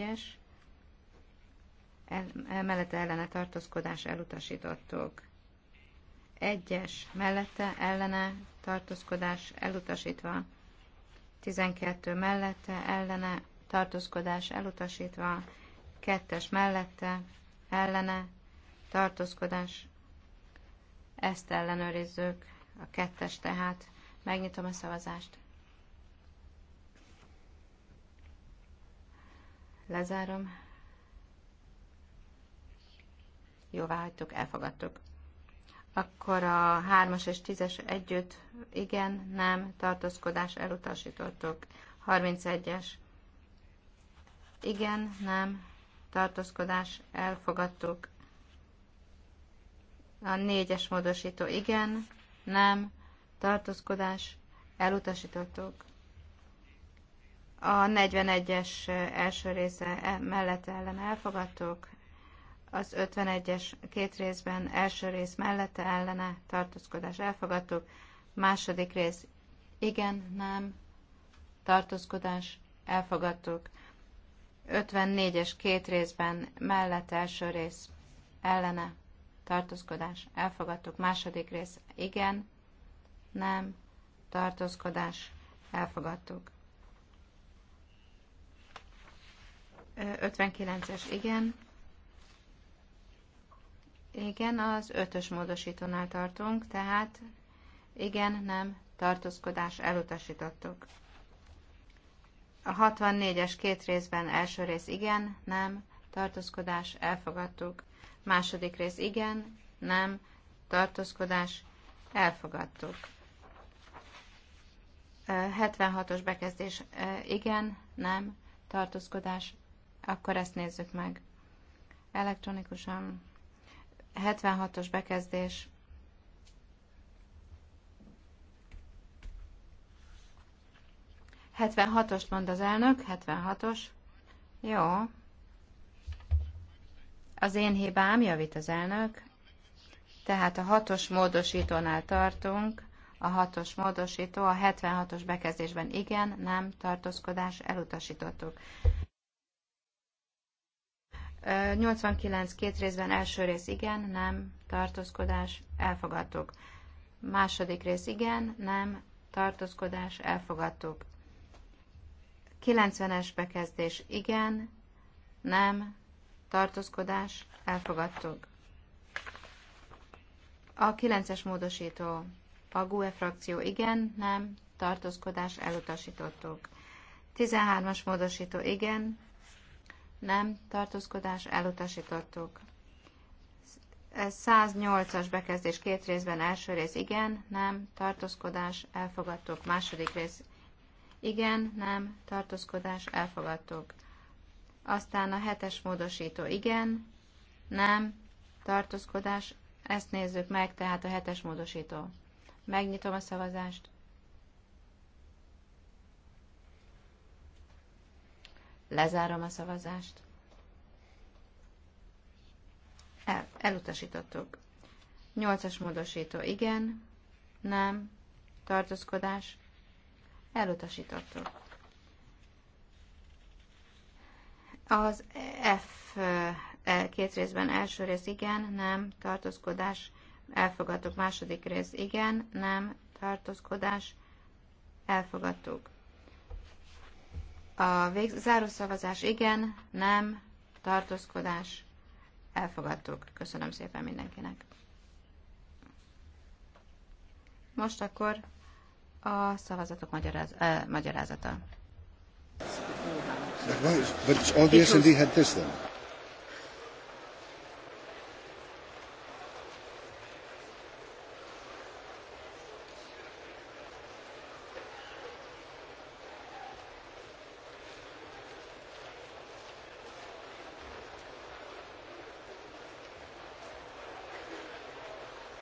egyes, el, mellette ellene tartózkodás elutasítottuk. egyes mellette ellene tartózkodás elutasítva. 12 mellette ellene tartózkodás elutasítva. Kettes mellette ellene tartózkodás. Ezt ellenőrizzük, a kettes tehát. Megnyitom a szavazást. Lezárom. Jóvá hagytuk, elfogadtok. Akkor a 3-as és 10-es együtt igen, nem, tartózkodás elutasítottok. 31-es igen, nem, tartózkodás elfogadtuk. A 4-es módosító igen, nem, tartózkodás elutasítottuk. A 41-es első része e, mellett ellen elfogadtuk, az 51-es két részben első rész mellette ellene tartózkodás elfogadtuk, második rész igen, nem, tartózkodás elfogadtuk, 54-es két részben mellett első rész ellene tartózkodás elfogadtuk, második rész igen, nem, tartózkodás elfogadtuk. 59-es, igen. Igen, az ötös módosítónál tartunk, tehát igen, nem, tartózkodás elutasítottuk. A 64-es két részben első rész igen, nem, tartózkodás elfogadtuk. Második rész igen, nem, tartózkodás elfogadtuk. 76-os bekezdés igen, nem, tartózkodás akkor ezt nézzük meg. Elektronikusan 76-os bekezdés. Hetvenhatost mond az elnök, 76-os. Jó. Az én hibám, javít az elnök. Tehát a hatos módosítónál tartunk. A hatos módosító a 76-os bekezdésben igen, nem, tartózkodás, elutasítottuk. 89 két részben első rész igen, nem, tartózkodás, elfogadtuk. Második rész igen, nem, tartózkodás, elfogadtuk. 90-es bekezdés igen, nem, tartózkodás, elfogadtuk. A 9-es módosító. A GUE frakció igen, nem, tartózkodás, elutasítottuk. 13-as módosító igen, nem, tartózkodás, elutasítottuk. 108-as bekezdés két részben, első rész igen, nem, tartózkodás, elfogadtuk. Második rész igen, nem, tartózkodás, elfogadtuk. Aztán a hetes módosító igen, nem, tartózkodás, ezt nézzük meg, tehát a hetes módosító. Megnyitom a szavazást. Lezárom a szavazást. El, elutasítottuk. Nyolcas módosító igen, nem, tartózkodás, elutasítottuk. Az F e, két részben első rész igen, nem, tartózkodás, elfogadtuk. Második rész igen, nem, tartózkodás, elfogadtuk. A vég, zárószavazás igen, nem, tartózkodás, elfogadtuk. Köszönöm szépen mindenkinek. Most akkor a szavazatok magyaráz, eh, magyarázata. But all the he had this then.